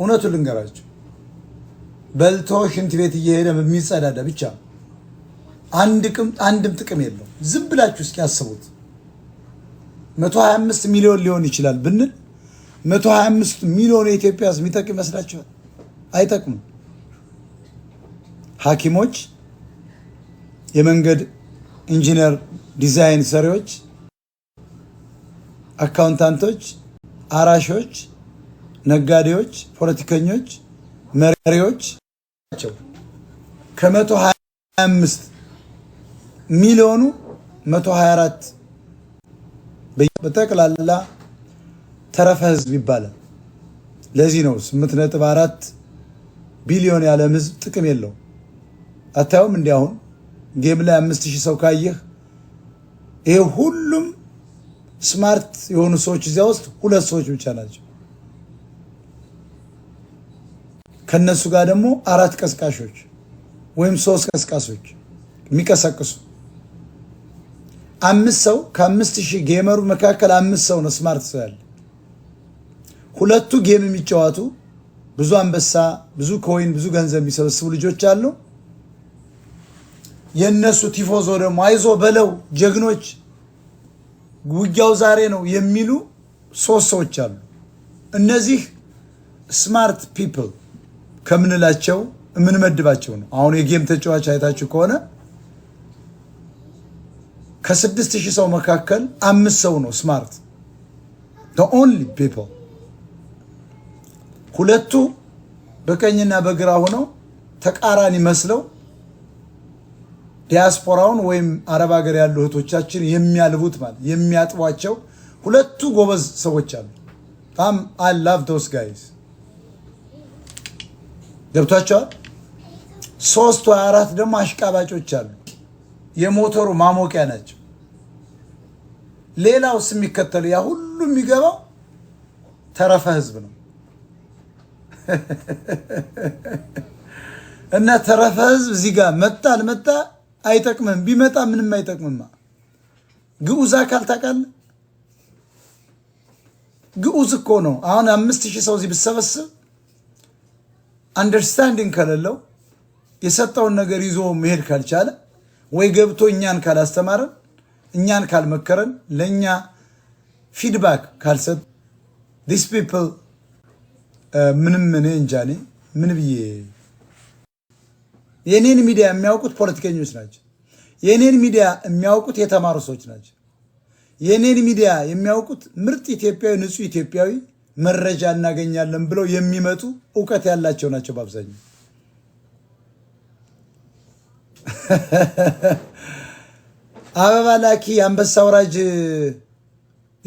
እውነቱን ልንገራችሁ፣ በልቶ ሽንት ቤት እየሄደ የሚጸዳዳ ብቻ አንድም ጥቅም የለው። ዝም ብላችሁ እስኪ አስቡት። 125 ሚሊዮን ሊሆን ይችላል ብንል 125 ሚሊዮን የኢትዮጵያ ሕዝብ የሚጠቅም ይመስላችኋል? አይጠቅሙም። ሐኪሞች፣ የመንገድ ኢንጂነር ዲዛይን ሰሪዎች፣ አካውንታንቶች፣ አራሾች ነጋዴዎች፣ ፖለቲከኞች፣ መሪዎች ናቸው። ከመቶ ሀያ አምስት ሚሊዮኑ መቶ ሀያ አራት በጠቅላላ ተረፈ ህዝብ ይባላል። ለዚህ ነው ስምንት ነጥብ አራት ቢሊዮን ያለም ህዝብ ጥቅም የለው። አታዩም? እንዲ አሁን ጌም ላይ አምስት ሺህ ሰው ካየህ ይሄ ሁሉም ስማርት የሆኑ ሰዎች እዚያ ውስጥ ሁለት ሰዎች ብቻ ናቸው። ከነሱ ጋር ደግሞ አራት ቀስቃሾች ወይም ሶስት ቀስቃሾች የሚቀሰቅሱ አምስት ሰው ከአምስት ሺህ ጌመሩ መካከል አምስት ሰው ነው ስማርት ሰው ያለ። ሁለቱ ጌም የሚጫወቱ ብዙ አንበሳ፣ ብዙ ኮይን፣ ብዙ ገንዘብ የሚሰበስቡ ልጆች አሉ። የእነሱ ቲፎዞ ደግሞ አይዞ በለው ጀግኖች፣ ውጊያው ዛሬ ነው የሚሉ ሶስት ሰዎች አሉ። እነዚህ ስማርት ፒፕል ከምንላቸው የምንመድባቸው ነው። አሁን የጌም ተጫዋች አይታችሁ ከሆነ ከስድስት ሺህ ሰው መካከል አምስት ሰው ነው ስማርት ኦንሊ ፒፕል ሁለቱ በቀኝና በግራ ሆነው ተቃራኒ መስለው ዲያስፖራውን ወይም አረብ ሀገር ያሉ እህቶቻችን የሚያልቡት ማለት የሚያጥቧቸው ሁለቱ ጎበዝ ሰዎች አሉ። በጣም አይ ላቭ ዶስ ጋይስ ገብቷቸዋል። ሶስት ወይ አራት ደግሞ አሽቃባጮች አሉ። የሞተሩ ማሞቂያ ናቸው። ሌላውስ የሚከተሉ ያ ሁሉ የሚገባው ተረፈ ህዝብ ነው እና ተረፈ ህዝብ እዚህ ጋር መጣ አልመጣ አይጠቅምም። ቢመጣ ምንም አይጠቅምማ። ግዑዝ አካል ታውቃለህ? ግዑዝ እኮ ነው። አሁን አምስት ሺህ ሰው እዚህ ብሰበስብ አንደርስታንዲንግ ከሌለው የሰጠውን ነገር ይዞ መሄድ ካልቻለ ወይ ገብቶ እኛን ካላስተማረን እኛን ካልመከረን ለእኛ ፊድባክ ካልሰጥ ዲስ ፒፕል ምንም እኔ እንጃ እኔ ምን ብዬ የእኔን ሚዲያ የሚያውቁት ፖለቲከኞች ናቸው። የእኔን ሚዲያ የሚያውቁት የተማሩ ሰዎች ናቸው። የእኔን ሚዲያ የሚያውቁት ምርጥ ኢትዮጵያዊ፣ ንጹህ ኢትዮጵያዊ መረጃ እናገኛለን ብለው የሚመጡ እውቀት ያላቸው ናቸው በአብዛኛው። አበባ ላኪ፣ አንበሳ ወራጅ፣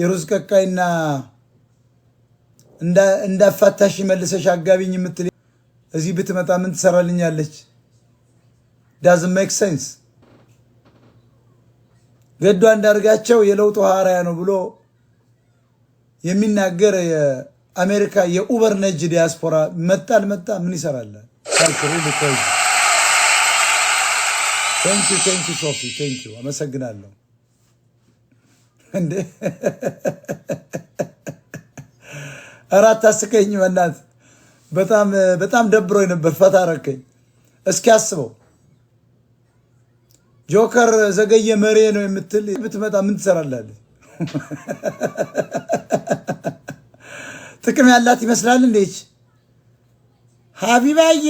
የሩዝ ቀቃይና እንዳፋታሽ መልሰሽ አጋቢኝ የምትል እዚህ ብትመጣ ምን ትሰራልኛለች? ዳዝ ሜክ ሴንስ። ገዱ አንዳርጋቸው የለውጥ ሐዋርያ ነው ብሎ የሚናገር የአሜሪካ የኡበር ነጅ ዲያስፖራ መጣ አልመጣ ምን ይሰራል? ሶፊ አመሰግናለሁ። እንዴ እራት ታስቀኝ በእናት በጣም በጣም ደብሮኝ ነበር። ፈታ ረከኝ። እስኪ አስበው ጆከር ዘገየ መሬ ነው የምትል ብትመጣ ምን ትሰራላለች? ጥቅም ያላት ይመስላል። እንዴች ሀቢባዬ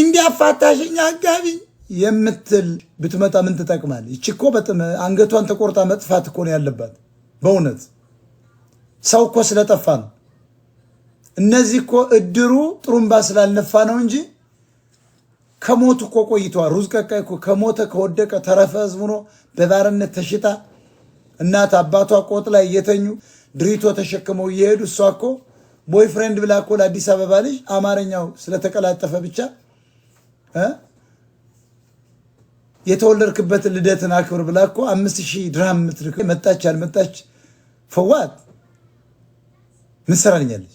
እንዲህ አፋታሽኝ አጋቢኝ የምትል ብትመጣ ምን ትጠቅማል? ይቺ እኮ አንገቷን ተቆርጣ መጥፋት እኮ ነው ያለባት። በእውነት ሰው እኮ ስለጠፋ ነው። እነዚህ እኮ እድሩ ጥሩምባ ስላልነፋ ነው እንጂ ከሞቱ እኮ ቆይተዋል። ሩዝ ቀቃይ እኮ ከሞተ ከወደቀ ተረፈ ህዝብ ሆኖ በባርነት ተሽጣ እናት አባቷ ቆጥ ላይ እየተኙ ድሪቶ ተሸክመው እየሄዱ እሷ እኮ ቦይ ፍሬንድ ብላ እኮ ለአዲስ አበባ ልጅ አማርኛው ስለተቀላጠፈ ብቻ የተወለድክበት ልደትን አክብር ብላ እኮ አምስት ሺህ ድራም የምትልክ መጣች አልመጣች ፈዋት ምን ሰራልኛለች?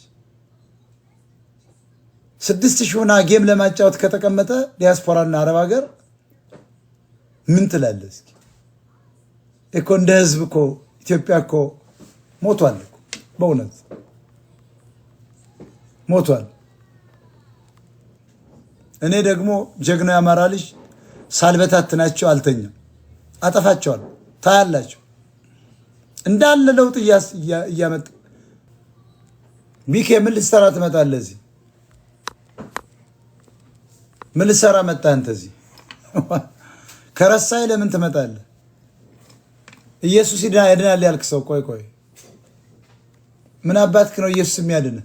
ስድስት ሺህ ሆና ጌም ለማጫወት ከተቀመጠ ዲያስፖራና አረብ ሀገር ምን ትላለ? እስኪ እኮ እንደ ህዝብ እኮ ኢትዮጵያ እኮ ሞቷል እኮ በእውነት ሞቷል። እኔ ደግሞ ጀግና የአማራ ልጅ ሳልበታትናቸው አልተኛም። አጠፋቸዋል። ታያላቸው እንዳለ ለውጥ እያመጣ ቢኬ ምን ልትሰራ ትመጣለህ እዚህ ምን ልትሰራ መጣህ አንተ እዚህ? ከረሳይ ለምን ትመጣለህ? ኢየሱስ ያድናል ያልክ ሰው ቆይ ቆይ፣ ምን አባትክ ነው ኢየሱስ የሚያድን?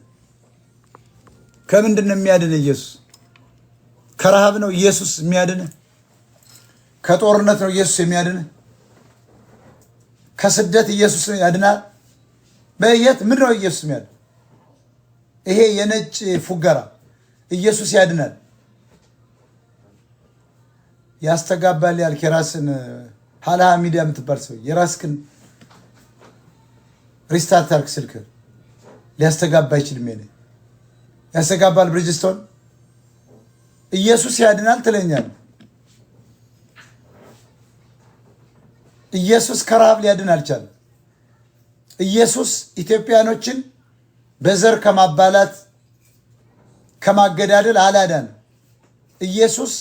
ከምንድን ነው የሚያድን ኢየሱስ? ከረሃብ ነው ኢየሱስ የሚያድን ከጦርነት ነው ኢየሱስ የሚያድን ከስደት ኢየሱስ ያድናል? በየት ምንድን ነው ኢየሱስ የሚያድንህ? ይሄ የነጭ ፉገራ ኢየሱስ ያድናል ያስተጋባል ያልክ የራስን ሀልሃ ሚዲያ የምትባል ሰው የራስህን ሪስታርት አርክ ስልክ ሊያስተጋባ አይችልም። ኔ ያስተጋባል። ብሪጅስቶን ኢየሱስ ያድናል ትለኛል። ኢየሱስ ከረሃብ ሊያድን አልቻለም። ኢየሱስ ኢትዮጵያኖችን በዘር ከማባላት ከማገዳደል አላዳን ኢየሱስ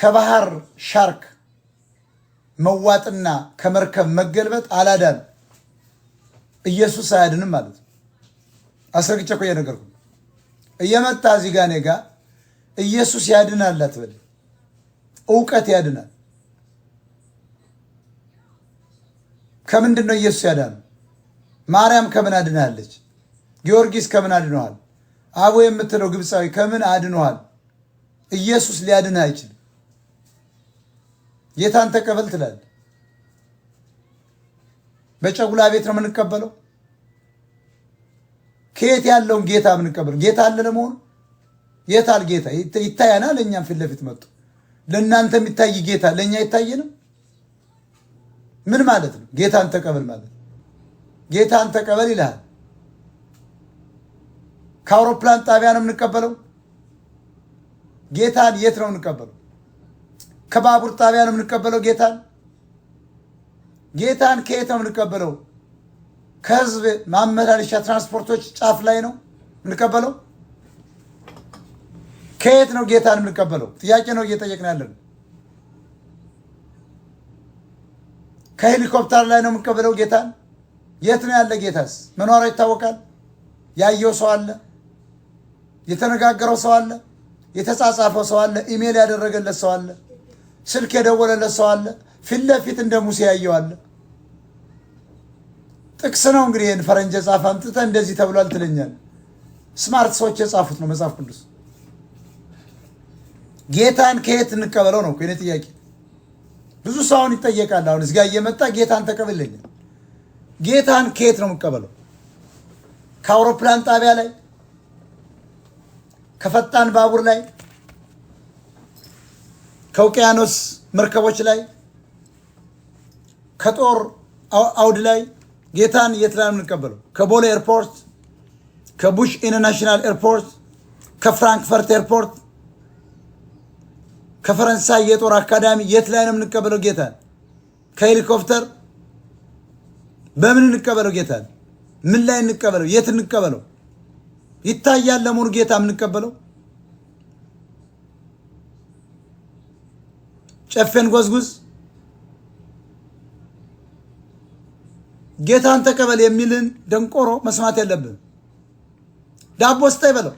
ከባህር ሻርክ መዋጥና ከመርከብ መገልበጥ አላዳን። ኢየሱስ አያድንም ማለት አስረግጬ እኮ እየነገርኩ እየመጣ እዚህ ጋ እኔ ጋ ኢየሱስ ያድናል አትበል። እውቀት ያድናል። ከምንድን ነው ኢየሱስ ያዳነው? ማርያም ከምን አድናለች? ጊዮርጊስ ከምን አድነዋል? አቡ የምትለው ግብፃዊ ከምን አድነዋል? ኢየሱስ ሊያድን አይችልም። ጌታን ተቀበል ትላል። በጨጉላ ቤት ነው የምንቀበለው? ከየት ያለውን ጌታ የምንቀበለው? ጌታ አለ ለመሆኑ? የት አለ ጌታ? ይታያና እኛም ፊት ለፊት መጡ። ለእናንተ የሚታይ ጌታ ለእኛ ይታየንም። ምን ማለት ነው? ጌታን ተቀበል ማለት ጌታን ተቀበል ይልሃል። ከአውሮፕላን ጣቢያ ነው የምንቀበለው? ጌታን የት ነው የምንቀበለው? ከባቡር ጣቢያ ነው የምንቀበለው ጌታን። ጌታን ከየት ነው የምንቀበለው? ከህዝብ ማመላለሻ ትራንስፖርቶች ጫፍ ላይ ነው የምንቀበለው። ከየት ነው ጌታን የምንቀበለው? ጥያቄ ነው እየጠየቅን ያለን። ከሄሊኮፕተር ላይ ነው የምንቀበለው ጌታን። የት ነው ያለ ጌታስ? መኖሪያ ይታወቃል። ያየው ሰው አለ፣ የተነጋገረው ሰው አለ፣ የተጻጻፈው ሰው አለ፣ ኢሜል ያደረገለት ሰው አለ። ስልክ የደወለለት ሰው አለ። ፊት ለፊት እንደ ሙሴ ያየው አለ። ጥቅስ ነው እንግዲህ ይህን ፈረንጅ የጻፈ አምጥተህ እንደዚህ ተብሏል ትለኛል። ስማርት ሰዎች የጻፉት ነው መጽሐፍ ቅዱስ። ጌታን ከየት እንቀበለው ነው የእኔ ጥያቄ። ብዙ ሰው አሁን ይጠየቃል። አሁን እዚጋ እየመጣ ጌታን ተቀበለኛል። ጌታን ከየት ነው የምቀበለው? ከአውሮፕላን ጣቢያ ላይ፣ ከፈጣን ባቡር ላይ ከውቅያኖስ መርከቦች ላይ ከጦር አውድ ላይ ጌታን የት ላይ የምንቀበለው? ከቦሌ ኤርፖርት፣ ከቡሽ ኢንተርናሽናል ኤርፖርት፣ ከፍራንክፈርት ኤርፖርት፣ ከፈረንሳይ የጦር አካዳሚ የት ላይ ነው የምንቀበለው ጌታን? ከሄሊኮፕተር በምን እንቀበለው ጌታን? ምን ላይ እንቀበለው? የት እንቀበለው? ይታያል ለመሆኑ ጌታ የምንቀበለው ጨፌን ጎዝጉዝ፣ ጌታን ተቀበል የሚልን ደንቆሮ መስማት የለብን። ዳቦ ስጠኝ በለው።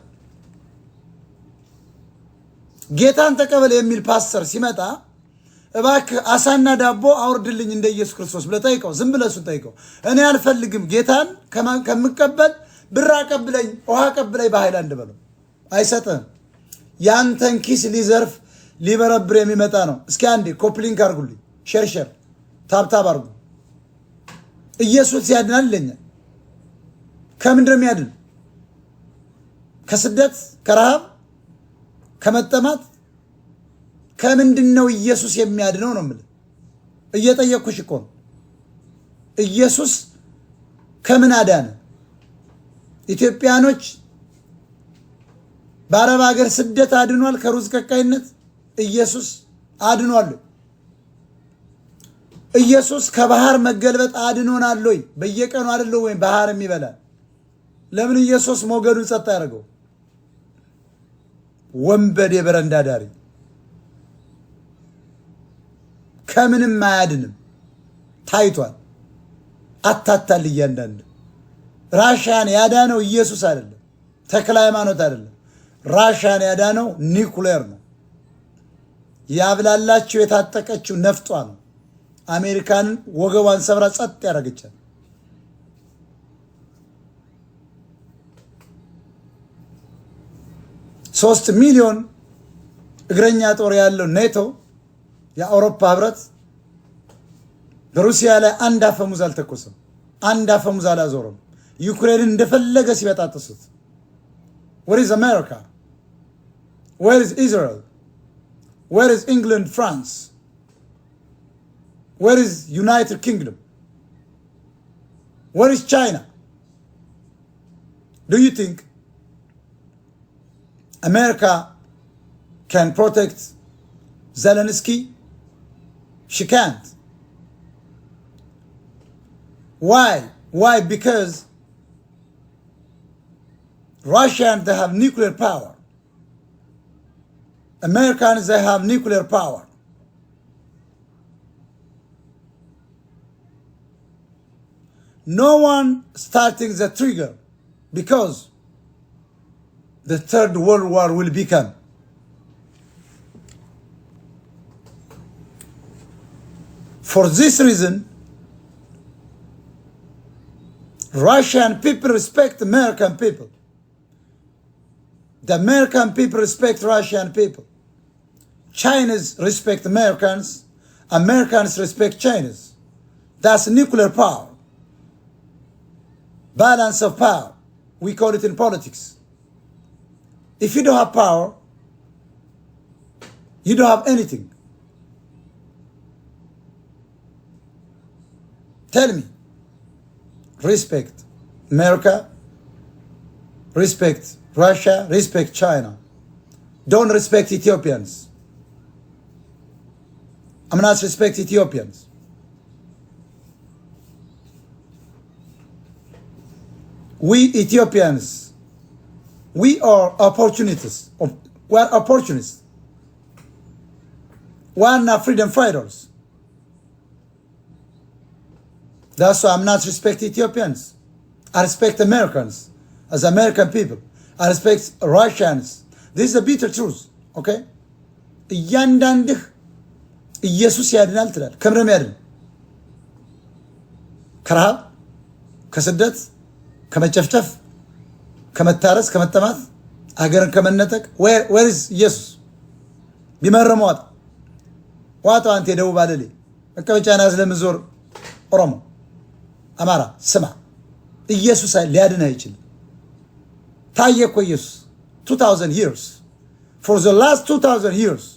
ጌታን ተቀበል የሚል ፓስተር ሲመጣ እባክህ አሳና ዳቦ አውርድልኝ እንደ ኢየሱስ ክርስቶስ ብለህ ጠይቀው። ዝም ብለህ እሱን ጠይቀው። እኔ አልፈልግም ጌታን ከምቀበል ብር አቀብለኝ፣ ውሃ አቀብለኝ በሀይላንድ በለው። አይሰጥህም። ያንተን ኪስ ሊዘርፍ ሊበረብር የሚመጣ ነው። እስኪ አንዴ ኮፕሊንክ አርጉልኝ፣ ሸርሸር ታብታብ አርጉ። ኢየሱስ ያድናል ይለኛል። ከምንድን ነው የሚያድን? ከስደት ከረሃብ ከመጠማት ከምንድን ነው ኢየሱስ የሚያድነው? ነው የምልህ። እየጠየቅኩሽ እኮ ነው። ኢየሱስ ከምን አዳነ? ኢትዮጵያኖች በአረብ ሀገር ስደት አድኗል ከሩዝ ቀቃይነት ኢየሱስ አድኗል። ኢየሱስ ከባህር መገልበጥ አድኖናል ወይ? በየቀኑ አይደለ ወይ ባህር ይበላል። ለምን ኢየሱስ ሞገዱን ጸጥ ያደርገው? ወንበዴ በረንዳ ዳሪ ከምንም አያድንም። ታይቷል። አታታል። እያንዳንድ ራሻን ያዳነው ኢየሱስ አይደለም፣ ተክለ ሃይማኖት አይደለም። ራሻን ያዳነው ኒኩሌር ነው። ያብላላችሁ የታጠቀችው ነፍጧ ነው። አሜሪካን ወገቧን ሰብራ ጸጥ ያደረገቻል። ሶስት ሚሊዮን እግረኛ ጦር ያለው ኔቶ የአውሮፓ ህብረት በሩሲያ ላይ አንድ አፈሙዝ አልተኮሰም፣ አንድ አፈሙዝ አላዞረም። ዩክሬንን እንደፈለገ ሲበጣጥሱት ወር ኢዝ አሜሪካ ወሪዝ ኢስራኤል Where is England, France? Where is United Kingdom? Where is China? Do you think America can protect Zelensky? She can't. Why? Why? Because Russia, they have nuclear power. Americans, they have nuclear power. No one starting the trigger because the Third World War will become. For this reason, Russian people respect American people. The American people respect Russian people. Chinese respect Americans. Americans respect Chinese. That's nuclear power. Balance of power. We call it in politics. If you don't have power, you don't have anything. Tell me. Respect America. Respect Russia, respect China. Don't respect Ethiopians. I'm not respect Ethiopians. We Ethiopians, we are opportunists. We are opportunists. We are not freedom fighters. That's why I'm not respect Ethiopians. I respect Americans as American people. አርስፔክት ራሽያንስ ዚስ ቢትር ትሩዝ ኦኬ። እያንዳንድህ ኢየሱስ ያድናል ትላል። ከምን ነው ያድን? ከረሃብ፣ ከስደት፣ ከመጨፍጨፍ፣ ከመታረስ፣ ከመጠማት፣ አገርን ከመነጠቅ። ወርዝ ኢየሱስ ቢመረም ዋጣ አንተ የደቡብ አለሌ መቀመጫና ስለምዞር ኦሮሞ፣ አማራ ስማ፣ ኢየሱስ ሊያድን አይችልም። ታየ 2000 years for the last 2000 years